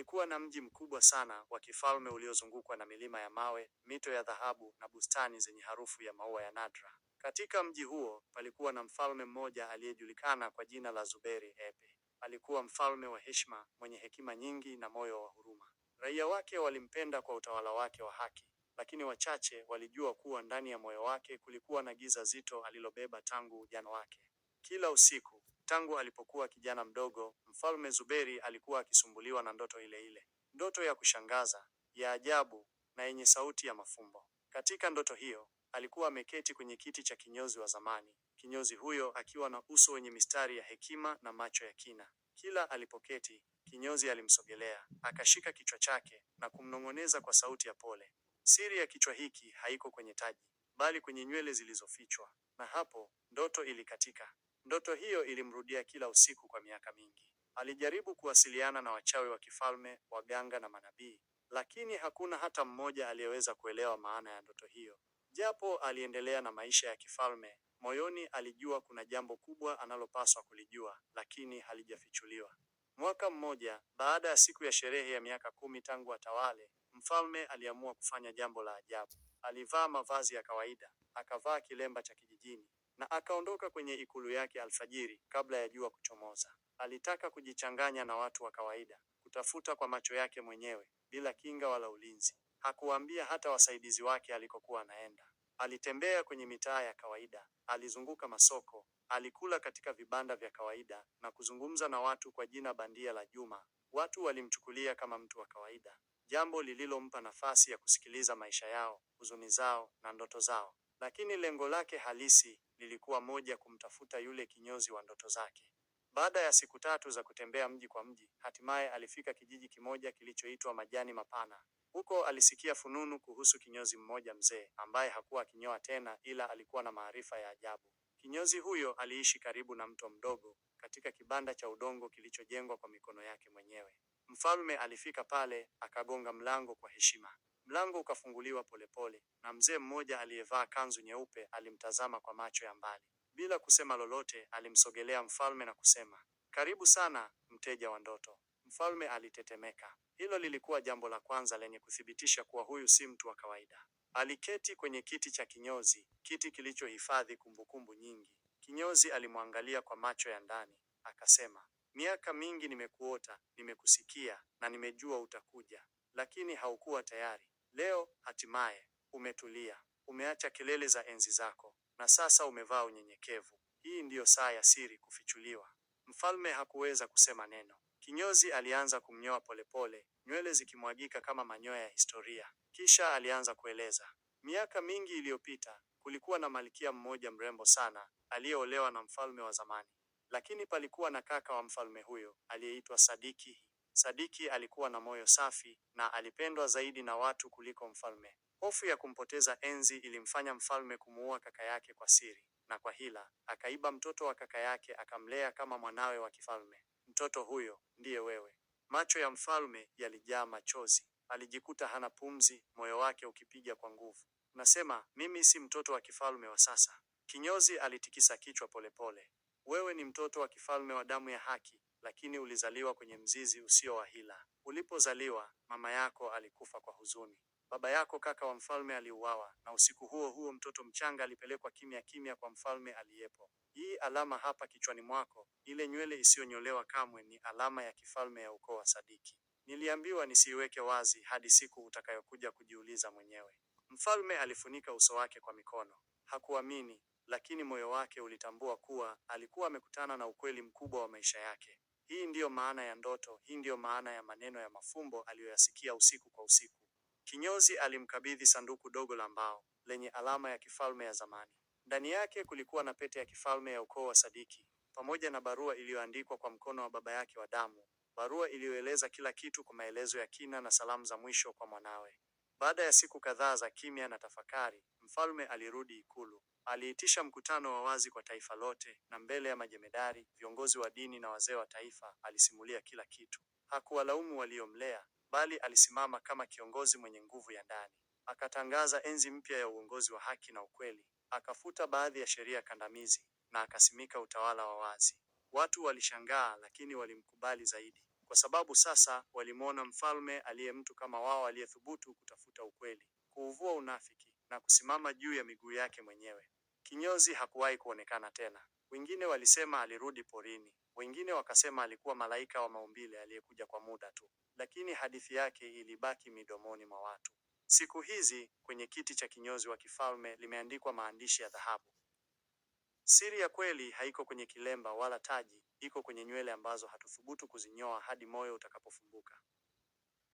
Ulikuwa na mji mkubwa sana wa kifalme uliozungukwa na milima ya mawe, mito ya dhahabu na bustani zenye harufu ya maua ya nadra. Katika mji huo palikuwa na mfalme mmoja aliyejulikana kwa jina la Zuberi Epe. Alikuwa mfalme wa heshima, mwenye hekima nyingi na moyo wa huruma. Raia wake walimpenda kwa utawala wake wa haki, lakini wachache walijua kuwa ndani ya moyo wake kulikuwa na giza zito alilobeba tangu ujana wake. Kila usiku Tangu alipokuwa kijana mdogo, Mfalme Zuberi alikuwa akisumbuliwa na ndoto ile ile, ndoto ya kushangaza, ya ajabu na yenye sauti ya mafumbo. Katika ndoto hiyo, alikuwa ameketi kwenye kiti cha kinyozi wa zamani, kinyozi huyo akiwa na uso wenye mistari ya hekima na macho ya kina. Kila alipoketi, kinyozi alimsogelea, akashika kichwa chake na kumnong'oneza kwa sauti ya pole, siri ya kichwa hiki haiko kwenye taji, bali kwenye nywele zilizofichwa. Na hapo ndoto ilikatika. Ndoto hiyo ilimrudia kila usiku kwa miaka mingi. Alijaribu kuwasiliana na wachawi wa kifalme, waganga na manabii, lakini hakuna hata mmoja aliyeweza kuelewa maana ya ndoto hiyo. Japo aliendelea na maisha ya kifalme, moyoni alijua kuna jambo kubwa analopaswa kulijua, lakini halijafichuliwa. Mwaka mmoja baada ya siku ya sherehe ya miaka kumi tangu atawale, mfalme aliamua kufanya jambo la ajabu. Alivaa mavazi ya kawaida, akavaa kilemba cha kijijini, na akaondoka kwenye ikulu yake alfajiri kabla ya jua kuchomoza. Alitaka kujichanganya na watu wa kawaida, kutafuta kwa macho yake mwenyewe bila kinga wala ulinzi. Hakuwaambia hata wasaidizi wake alikokuwa anaenda. Alitembea kwenye mitaa ya kawaida, alizunguka masoko, alikula katika vibanda vya kawaida na kuzungumza na watu kwa jina bandia la Juma. Watu walimchukulia kama mtu wa kawaida, jambo lililompa nafasi ya kusikiliza maisha yao, huzuni zao na ndoto zao, lakini lengo lake halisi lilikuwa moja, kumtafuta yule kinyozi wa ndoto zake. Baada ya siku tatu za kutembea mji kwa mji, hatimaye alifika kijiji kimoja kilichoitwa Majani Mapana. Huko alisikia fununu kuhusu kinyozi mmoja mzee ambaye hakuwa akinyoa tena, ila alikuwa na maarifa ya ajabu. Kinyozi huyo aliishi karibu na mto mdogo katika kibanda cha udongo kilichojengwa kwa mikono yake mwenyewe. Mfalme alifika pale, akagonga mlango kwa heshima. Mlango ukafunguliwa polepole na mzee mmoja aliyevaa kanzu nyeupe alimtazama kwa macho ya mbali. Bila kusema lolote, alimsogelea mfalme na kusema, karibu sana mteja wa ndoto. Mfalme alitetemeka. Hilo lilikuwa jambo la kwanza lenye kuthibitisha kuwa huyu si mtu wa kawaida. Aliketi kwenye kiti cha kinyozi, kiti kilichohifadhi kumbukumbu nyingi. Kinyozi alimwangalia kwa macho ya ndani, akasema, miaka mingi nimekuota, nimekusikia na nimejua utakuja, lakini haukuwa tayari. Leo hatimaye umetulia, umeacha kelele za enzi zako, na sasa umevaa unyenyekevu. Hii ndiyo saa ya siri kufichuliwa. Mfalme hakuweza kusema neno. Kinyozi alianza kumnyoa polepole, nywele zikimwagika kama manyoya ya historia. Kisha alianza kueleza. Miaka mingi iliyopita, kulikuwa na malkia mmoja mrembo sana aliyeolewa na mfalme wa zamani, lakini palikuwa na kaka wa mfalme huyo aliyeitwa Sadiki. Sadiki alikuwa na moyo safi na alipendwa zaidi na watu kuliko mfalme. Hofu ya kumpoteza enzi ilimfanya mfalme kumuua kaka yake kwa siri na kwa hila. Akaiba mtoto wa kaka yake akamlea kama mwanawe wa kifalme. Mtoto huyo ndiye wewe. Macho ya mfalme yalijaa machozi. Alijikuta hana pumzi, moyo wake ukipiga kwa nguvu. Nasema mimi si mtoto wa kifalme wa sasa. Kinyozi alitikisa kichwa polepole. Wewe ni mtoto wa kifalme wa damu ya haki lakini ulizaliwa kwenye mzizi usio wa hila. Ulipozaliwa, mama yako alikufa kwa huzuni. Baba yako, kaka wa mfalme, aliuawa, na usiku huo huo mtoto mchanga alipelekwa kimya kimya kwa mfalme aliyepo. Hii alama hapa kichwani mwako, ile nywele isiyonyolewa kamwe, ni alama ya kifalme ya ukoo wa Sadiki. Niliambiwa nisiiweke wazi hadi siku utakayokuja kujiuliza mwenyewe. Mfalme alifunika uso wake kwa mikono. Hakuamini, lakini moyo wake ulitambua kuwa alikuwa amekutana na ukweli mkubwa wa maisha yake. Hii ndiyo maana ya ndoto, hii ndiyo maana ya maneno ya mafumbo aliyoyasikia usiku kwa usiku. Kinyozi alimkabidhi sanduku dogo la mbao lenye alama ya kifalme ya zamani. Ndani yake kulikuwa na pete ya kifalme ya ukoo wa Sadiki pamoja na barua iliyoandikwa kwa mkono wa baba yake wa damu, barua iliyoeleza kila kitu kwa maelezo ya kina na salamu za mwisho kwa mwanawe. Baada ya siku kadhaa za kimya na tafakari, mfalme alirudi ikulu. Aliitisha mkutano wa wazi kwa taifa lote, na mbele ya majemedari, viongozi wa dini na wazee wa taifa, alisimulia kila kitu. Hakuwalaumu waliomlea, bali alisimama kama kiongozi mwenye nguvu ya ndani. Akatangaza enzi mpya ya uongozi wa haki na ukweli, akafuta baadhi ya sheria kandamizi na akasimika utawala wa wazi. Watu walishangaa, lakini walimkubali zaidi, kwa sababu sasa walimwona mfalme aliye mtu kama wao, aliyethubutu kutafuta ukweli, kuuvua unafiki na kusimama juu ya miguu yake mwenyewe. Kinyozi hakuwahi kuonekana tena. Wengine walisema alirudi porini, wengine wakasema alikuwa malaika wa maumbile aliyekuja kwa muda tu, lakini hadithi yake ilibaki midomoni mwa watu. Siku hizi kwenye kiti cha kinyozi wa kifalme limeandikwa maandishi ya dhahabu: siri ya kweli haiko kwenye kilemba wala taji, iko kwenye nywele ambazo hatuthubutu kuzinyoa hadi moyo utakapofumbuka.